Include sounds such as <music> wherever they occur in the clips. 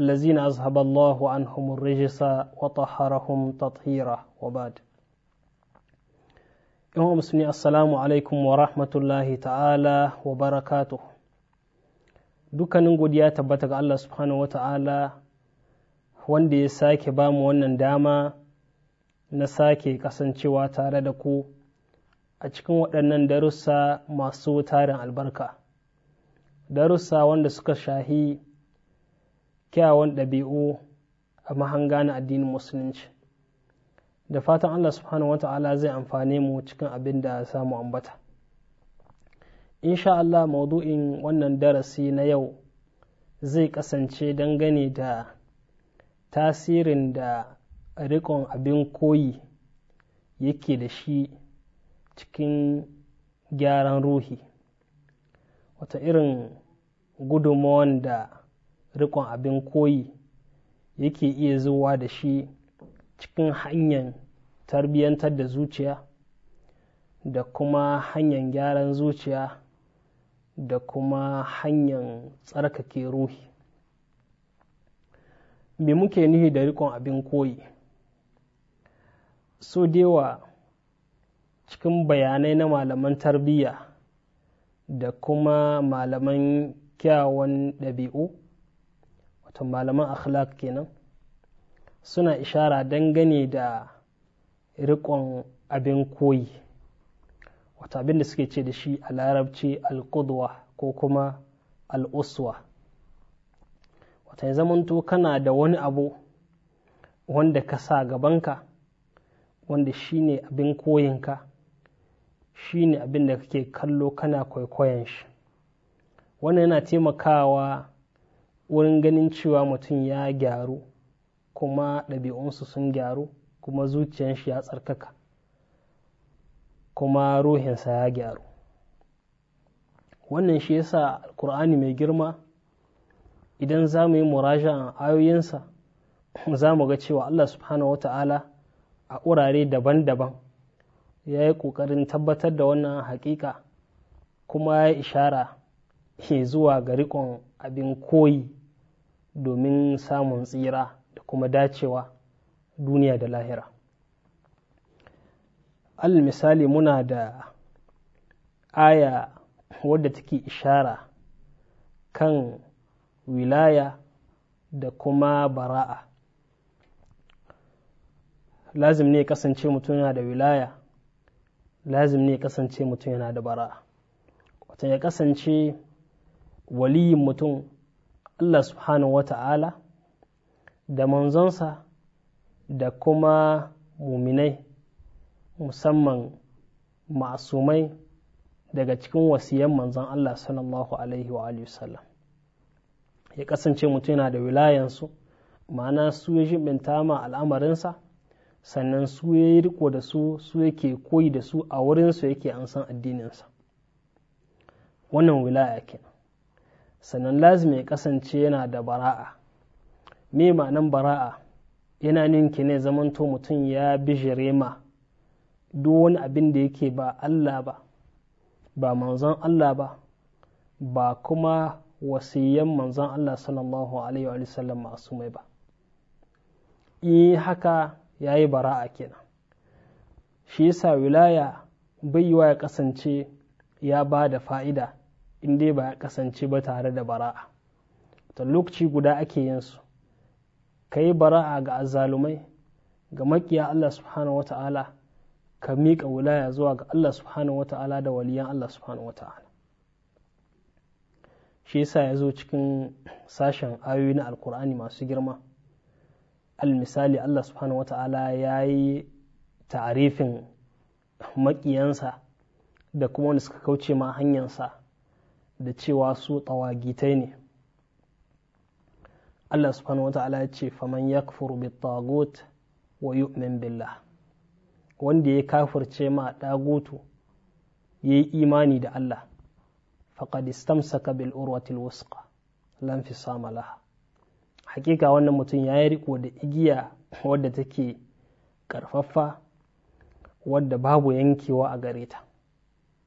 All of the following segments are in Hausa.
الذين أذهب الله عنهم الرجس وطهرهم تطهيرا وبعد يوم مسلمي السلام عليكم ورحمة الله تعالى وبركاته dukkanin godiya tabbata ga Allah subhanahu wa ta'ala wanda ya sake ba mu wannan dama na sake kasancewa tare da ku a cikin waɗannan darussa masu tarin albarka darussa wanda suka shahi kyawawan ɗabi'u a mahanga na addinin musulunci da fatan allah subhanahu wata'ala zai amfane mu cikin abin da samu ambata insha allah maudu'in wannan darasi na yau zai kasance dangane da tasirin da rikon abin koyi yake da shi cikin gyaran ruhi wata irin gudunmawan da rikon abin koyi yake iya zuwa da shi cikin hanyar tarbiyyantar da zuciya da kuma hanyar gyaran zuciya da kuma hanyar tsarkake ruhi me muke nihi da rikon abin koyi so dewa cikin bayanai na malaman tarbiyya da kuma malaman kyawun ɗabi'u wato malaman akhlaq kenan suna ishara dangane da riƙon abin koyi wato abin da suke ce da shi a larabci alƙudwa ko kuma al'uswa Wata ya zamanto kana da wani abu wanda ka sa gabanka wanda shi ne abin koyinka shi ne abin da kake kallo kana kwaikwayon shi wannan yana taimakawa wurin ganin cewa mutum ya gyaru kuma ɗabi'unsu sun gyaru kuma shi ya tsarkaka kuma ruhinsa ya gyaru wannan shi yasa alkur'ani mai girma idan za mu yi a ayoyinsa <clears throat> za mu ga cewa allah subhanahu wa ta'ala a wurare daban-daban ya yi ƙoƙarin tabbatar da wannan haƙiƙa kuma ya ishara zuwa ga riƙon abin koyi domin samun tsira da kuma dacewa duniya da lahira al misali muna da aya wadda take ishara kan wilaya da kuma bara'a lazim ne kasance mutum yana da wilaya lazim ne kasance mutum yana da bara'a wata ya kasance waliyin mutum Allah subhanahu wa ta'ala da manzonsa da kuma muminai musamman masumai daga cikin wasiyan manzon Allah sallallahu alaihi wa sallam ya kasance mutum yana da wilayansu ma'ana su ya jibinta ma al'amarinsa sannan su ya yi riko da su su yake koyi da su a wurinsu yake an san addininsa wannan wilaya kenan sannan lazimi kasance yana da bara'a me ma'anan bara'a yana ninki ne zamanto mutum ya bijire ma duk wani abin da yake ba Allah ba ba manzon Allah ba ba kuma wasiyan manzon Allah sallallahu alaihi wa sallam masu mai ba in e, haka ya yi bara'a kenan shi yasa wilaya bai ya kasance ya ba da fa'ida in dai ba ya kasance ba tare da bara'a ta lokaci guda ake yin su ka yi bara'a ga azalumai ga makiya Allah subhanahu wata'ala ka miƙa wulaya zuwa ga Allah subhanahu wata'ala da waliyan Allah subhanahu wata'ala shi yasa ya zo cikin sashen ayoyi na alkur'ani masu girma almisali Allah subhanahu wata'ala ya yi ta'arifin makiyansa da kuma wanda suka kauce ma hanyarsa da cewa su tawagitai ne Allah subhanahu wa ta'ala ya ce faman yakfur bi tagut wa yu'min billah wanda ya kafirce ma dagutu yi imani da Allah faqad istamsaka bil urwatil wusqa lan fisama hakika wannan mutum ya yi riko da igiya wadda take karfaffa wadda babu yankewa a gare ta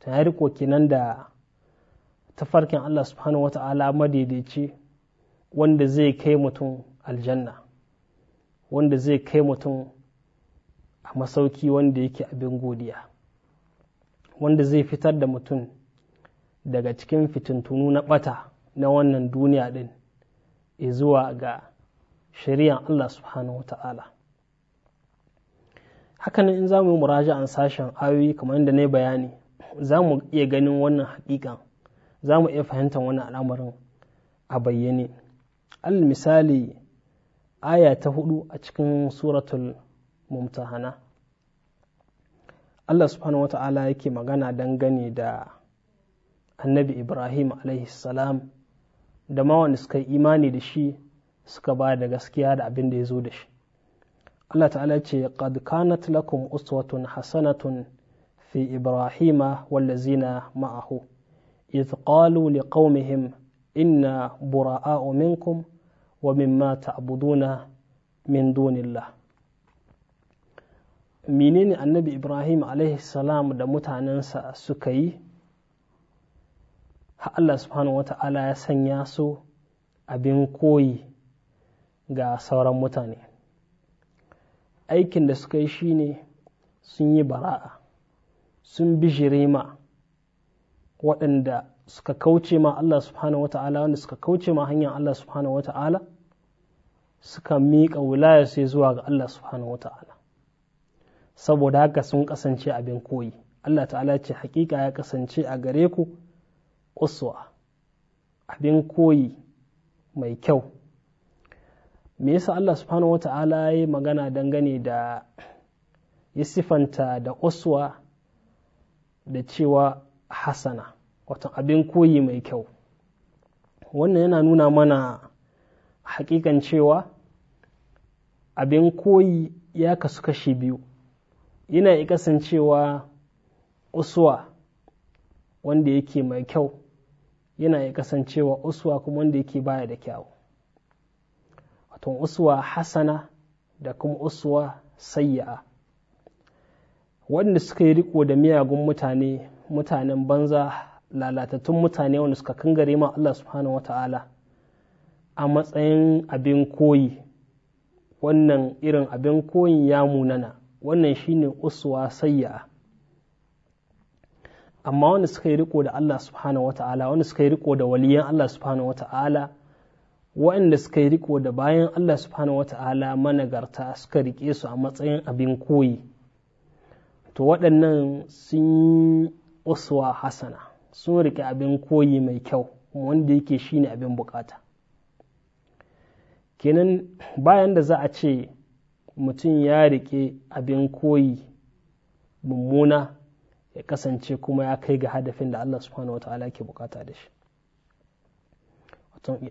ta riko kenan da tafarkin Allah subhanahu wata'ala madaidaici wanda zai kai mutum aljanna wanda zai kai mutum a masauki wanda yake abin godiya wanda zai fitar da mutum daga cikin fitintunu na bata na wannan duniya din zuwa ga shari'an Allah subhanahu wata'ala hakanan in za mu yi muraja'an sashen ayoyi kamar yadda na yi bayani za mu iya ganin wannan haƙiƙan za mu iya fahimtar wani al'amarin a bayyane al misali aya ta hudu a cikin suratul mumtahana Allah subhanahu wata'ala yake magana dangane da annabi Ibrahim salam da ma wanda suka yi imani da shi suka ba da gaskiya da abin da ya zo da shi Allah ta'ala ce qad kanat lakum uswatun hasanatun fi ibrahima wallazina ma'ahu إذ قالوا لقومهم إنا براء منكم ومما تعبدون من دون الله menene annabi ibrahim salam da mutanensa suka yi Allah subhanahu wata'ala ya sanya su abin koyi ga sauran mutane aikin da suka yi shine sun yi bara'a sun bijire ma waɗanda suka kauce ma Allah subhanahu wata'ala wanda suka kauce ma hanyar Allah subhanahu wata'ala suka miƙa wulaya sai zuwa ga Allah subhanahu wata'ala saboda haka sun kasance abin koyi Allah ta'ala ce hakika ya kasance a gare ku uswa abin koyi mai kyau me yasa Allah subhanahu wata'ala ya yi magana dangane da ya sifanta da uswa da cewa hasana wata abin koyi mai kyau wannan yana nuna mana hakikan cewa abin koyi ya kasu kashi biyu yana iya kasancewa uswa wanda yake mai kyau yana iya kasancewa uswa kuma wanda yake baya da kyau wato uswa hasana da kuma uswa sayya'a waɗanda suka yi riko da miyagun mutane mutanen banza lalatattun mutane wanda suka kangare ma Allah subhanahu wata'ala a matsayin abin koyi wannan irin abin koyin ya munana wannan shine uswa sayya amma wanda suka yi riko da Allah subhanahu wata'ala wanda suka yi riko da waliyan Allah subhanahu wata'ala waɗanda suka yi riko da bayan Allah subhanahu wata'ala managarta suka rike su a matsayin abin koyi to waɗannan sun uswa hasana sun rike abin koyi mai kyau wanda yake shine abin bukata kenan bayan da za a ce mutum ya rike abin koyi mummuna ya kasance kuma ya kai ga hadafin da Allah subhanahu wata'ala ke bukata da shi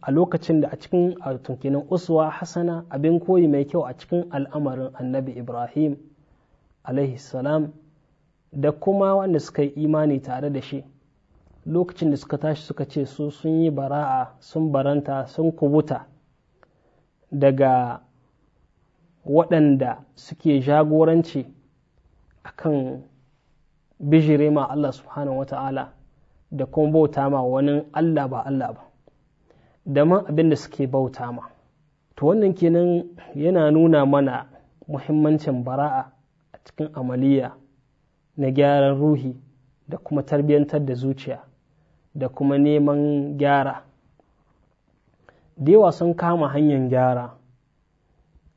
a lokacin da a cikin kenan uswa hasana abin koyi mai kyau a cikin al'amarin annabi ibrahim alaihi salam da kuma wanda suka yi imani tare da shi lokacin da suka tashi suka ce su sun yi bara'a sun baranta sun kubuta daga waɗanda suke jagoranci akan bijire ma Allah subhanahu ta'ala da kuma bauta ma wani Allah ba Allah ba da ma abinda suke bauta ma to wannan kenan yana nuna mana muhimmancin bara'a a cikin amaliya na gyaran ruhi da kuma tarbiyyantar da zuciya da kuma neman gyara da yawa sun kama hanyar gyara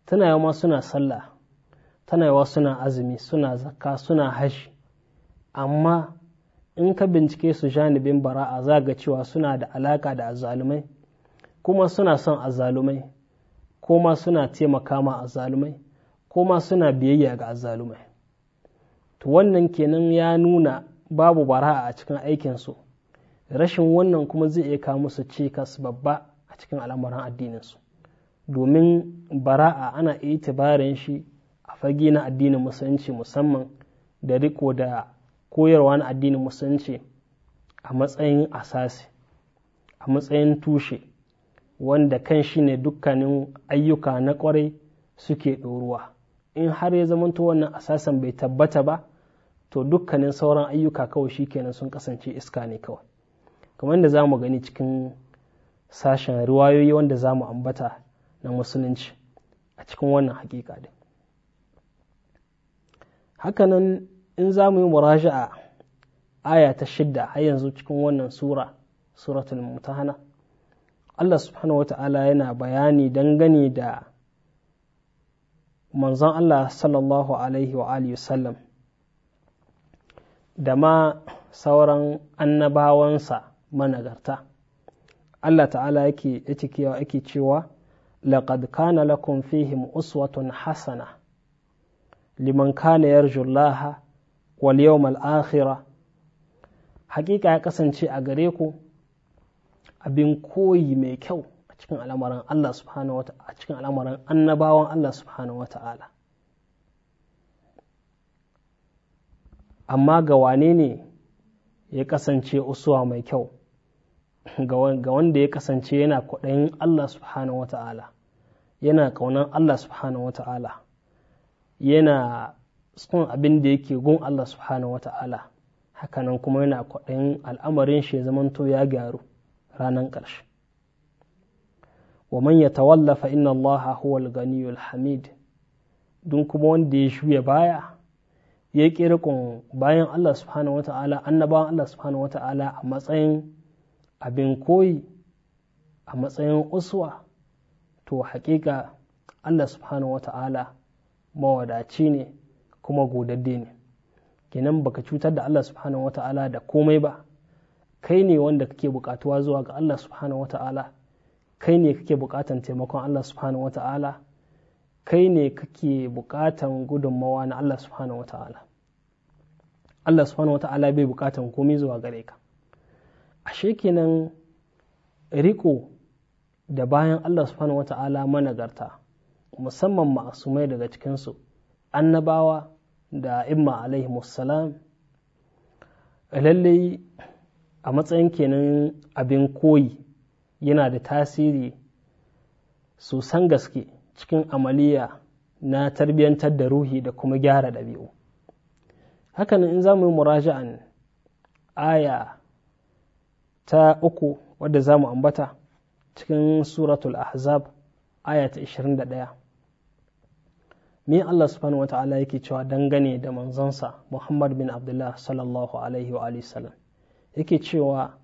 tana yawa suna sallah tana yawa suna azumi suna zakka suna hashi amma in ka bincike su janibin bara'a za ga cewa suna da alaka da azalumai kuma suna son azalumai kuma suna taimaka ma azalumai kuma suna biyayya ga azalumai to wannan kenan ya nuna babu bara'a a cikin aikinsu rashin wannan kuma zai iya kawo musu cikas babba a cikin al'amuran addininsu domin bara'a ana itibarin shi a fage na addinin musulunci musamman da riko da koyarwa na addinin musulunci a matsayin asasi a matsayin tushe wanda kan shi ne dukkanin ayyuka na kwarai suke ɗoruwa in har ya zamanto wannan asasan bai tabbata ba to dukkanin sauran ayyuka kawai shi kenan sun kasance iska ne kawai kamar da za mu gani cikin sashen riwayoyi wanda za mu ambata na musulunci a cikin wannan hakika din hakanan in za mu yi muraja'a aya ta shidda har yanzu cikin wannan sura suratul mutahana Allah subhanahu wata'ala yana bayani dangane da manzon Allah sallallahu alaihi wa sallam da ma sauran annabawansa managarta Allah ta'ala yake cikewa yake cewa laqad kana lakum fihim uswatun hasana liman kana yarju Allah wal yawmal akhira hakika ya kasance a gare ku abin koyi mai kyau a cikin al'amuran annabawan Allah subhanahu wata'ala amma ga wane ne ya kasance usuwa mai kyau ga wanda ya kasance yana kwaɗayin Allah subhanahu wata'ala yana ƙaunan Allah subhanahu wata'ala yana son abin da yake gun Allah subhanahu wata'ala hakanan kuma yana kwaɗayin al'amarin shi zamanto ya gyaru ranar ƙarshe wa man ya tawallafa inna Allah huwal ganiyul hamid dun kuma wanda ya shuya baya ya kere kun bayan Allah subhanahu wata'ala annabawan Allah subhanahu wata'ala a matsayin abin koyi a matsayin uswa to haƙiƙa Allah subhanahu wata'ala mawadaci ne kuma godadde ne kenan baka cutar da Allah subhanahu wata'ala da komai ba kai ne wanda kake bukatuwa zuwa ga Allah subhanahu wata'ala kai ne kake bukatan taimakon Allah subhanahu wata'ala kai ne kake bukatan gudunmawa na Allah subhanahu wata'ala Allah subhanahu wata'ala bai bukatan komai zuwa gare ka ashe kenan riko da bayan Allah subhanahu wata'ala managarta musamman ma'asumai daga cikinsu annabawa da imma alaihi musallam lallai a matsayin kenan abin koyi yana da tasiri sosan gaske cikin amaliya na tarbiyyantar da ruhi da kuma gyara ɗabi'u hakanan in za mu yi muraja'an aya ta uku wadda za mu ambata cikin suratul ahzab aya ta 21 me Allah subhanahu wa ta'ala yake cewa dangane da manzansa Muhammad bin Abdullah sallallahu alaihi wa sallam yake cewa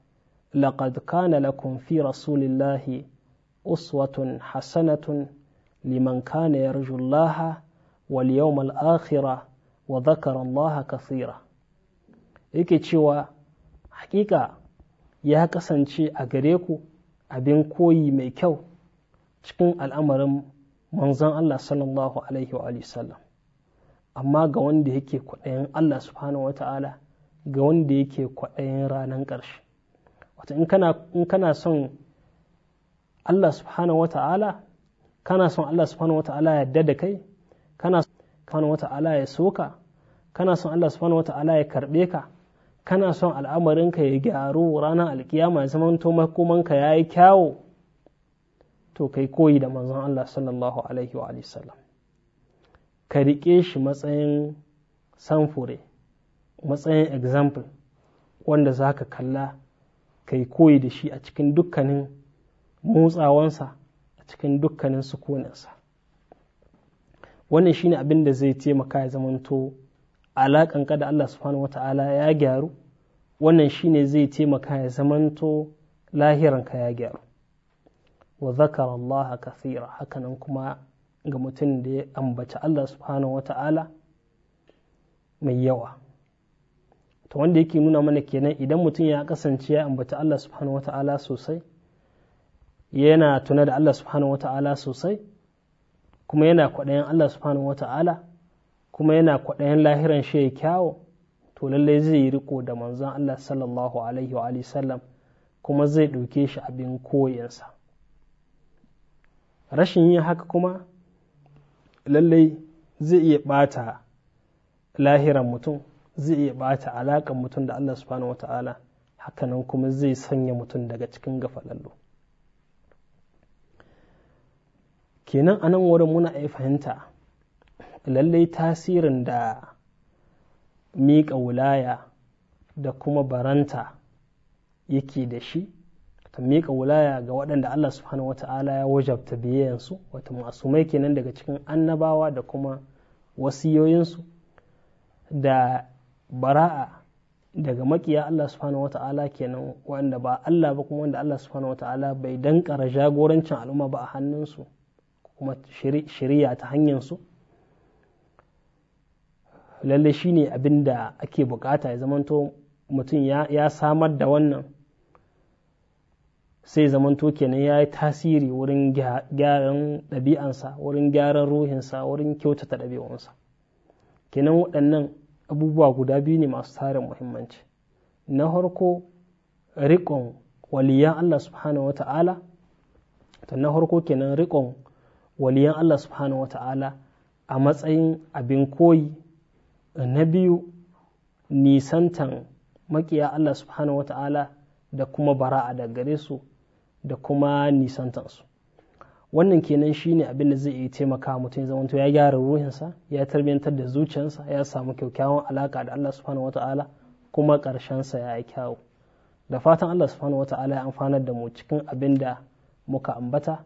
laqad kana lakum fi rasulillahi uswatun hasanatun liman kana yarjullaha wal yawmal akhira wa dhakara Allah yake cewa hakika ya kasance a gare ku abin koyi mai kyau cikin al'amarin manzon Allah sallallahu alaihi wa sallam amma ga wanda yake kwaɗayin Allah subhanahu wa ta'ala ga wanda yake kwaɗayin ranar ƙarshe wata in kana son Allah subhanahu wa ta'ala kana son Allah subhanahu ta'ala ya yarda da kai kana son subhanahu ta'ala ya soka kana son Allah subhanahu ta'ala ya karbe ka kana son al'amarin ka ya gyaru ranar alkiyama ya zama to makoman ya yi kyawo to kai koyi da manzon Allah sallallahu alaihi wa sallam ka riƙe shi matsayin samfure matsayin example wanda za ka kalla kai koyi da shi a cikin dukkanin motsawansa cikin dukkanin sukuninsa wannan shine abin da zai taimaka ya zamanto alaƙanka da Allah subhanahu wata'ala ya gyaru wannan shine zai taimaka ya zamanto ka ya gyaru wa zakara Allah kathira hakanan kuma ga mutum da ya ambaci Allah subhanahu wata'ala mai yawa ta wanda yake nuna mana kenan idan mutum ya kasance ya ambaci Allah subhanahu wata'ala sosai yana tuna da Allah subhanahu wata'ala sosai kuma yana kwaɗayin Allah subhanahu wata'ala kuma yana kwaɗayin lahiran shi ya kyawo to lallai zai yi riko da manzon Allah sallallahu alaihi wa sallam kuma zai ɗauke shi abin koyansa rashin yin haka kuma lallai zai iya ɓata lahiran mutum zai iya ɓata alaƙar mutum da Allah subhanahu wata'ala hakanan kuma zai sanya mutum daga cikin gafalallo kenan a nan wurin muna iya fahimta lallai tasirin da miƙa wulaya da kuma baranta yake da shi ka miƙa wulaya ga waɗanda Allah subhanahu wa ta'ala ya wajabta biyayyansu wata masumai kenan daga cikin annabawa da kuma wasiyoyinsu da bara'a daga makiya Allah subhanahu wa ta'ala kenan wanda ba Allah ba kuma wanda Allah subhanahu wa ta'ala bai dankara jagorancin al'umma ba a hannunsu kuma shari'a ta hanyar su lalle shi ne abin da ake bukata ya zamanto mutum ya samar da wannan sai zamanto kenan ya yi tasiri wurin gyaran ɗabi'ansa wurin gyaran ruhinsa wurin kyautata ɗabi'unsa kenan waɗannan abubuwa guda biyu ne masu tarin muhimmanci na harko riƙon waliyan Allah subhanahu wa ta'ala ta na harko kenan riƙon waliyan Allah subhanahu wata'ala a matsayin abin koyi na biyu nisantan makiya Allah subhanahu wata'ala da kuma bara'a da gare su da kuma nisantan su. wannan kenan shi ne abin da zai iya taimaka mutum zamanto ya gyara ruhinsa ya tarbiyantar da zuciyarsa ya samu kyakkyawan alaka da Allah subhanahu wata'ala kuma ƙarshensa ya yi kyawu da fatan Allah subhanahu wata'ala ya amfanar da mu cikin abin da muka ambata